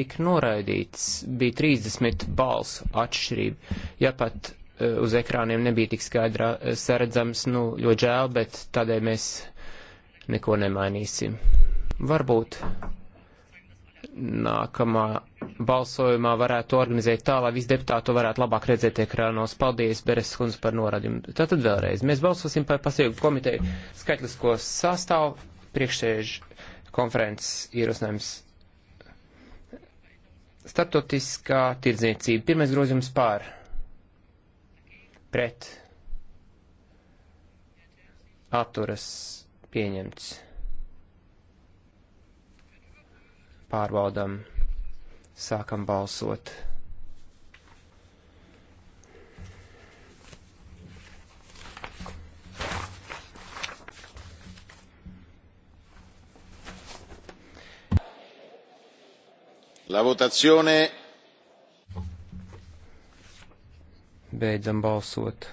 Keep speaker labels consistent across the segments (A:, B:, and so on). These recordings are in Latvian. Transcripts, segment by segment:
A: tika noraidīts, bija 30 balsu atšķirība. Ja pat uh, uz ekrāniem nebija tik skaidrā e, saredzams, nu, ļoti žēl, bet tādēļ mēs neko nemainīsim. Varbūt nākamā balsojumā varētu organizēt tā, lai visi deputāti varētu labāk redzēt ekrānos. Paldies, Beres kundze, par norādījumu. Tātad vēlreiz, mēs balsosim par pasīvu komiteju skaitlisko sastāvu priekšsēžu konferences ierosinājums Startautiskā tirdzniecība. Pirmais grozījums pār. Pret. Atturas pieņemts. Pārbaudam. Sākam balsot. La votazione. Beidzam balsot.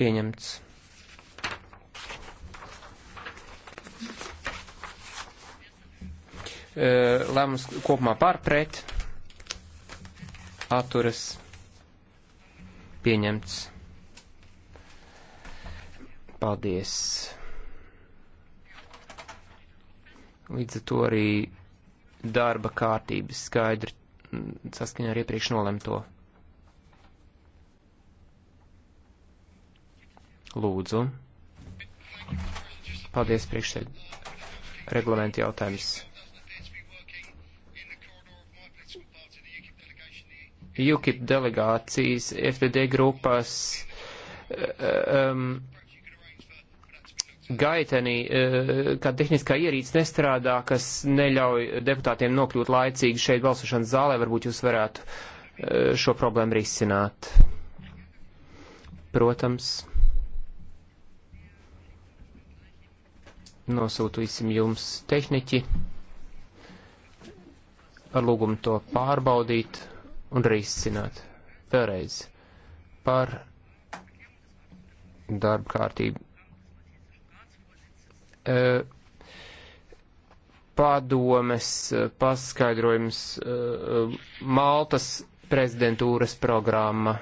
A: Pieņemts. Lēmums kopumā pārpret. Atturas. Pieņemts. Paldies. Līdz ar to arī darba kārtības skaidri mm, saskaņā ar iepriekš nolemto. Lūdzu. Paldies, priekšsēd. Reglamenta jautājums. UKIP delegācijas FDD grupas um, gaitenī, eh, kad tehniskā ierīce nestrādā, kas neļauj deputātiem nokļūt laicīgi šeit balsošanas zālē, varbūt jūs varētu eh, šo problēmu risināt. Protams, nosūtīsim jums tehniķi ar lūgumu to pārbaudīt un risināt. Vēlreiz par darba kārtību Eh, padomes eh, paskaidrojums eh, Maltas prezidentūras programma.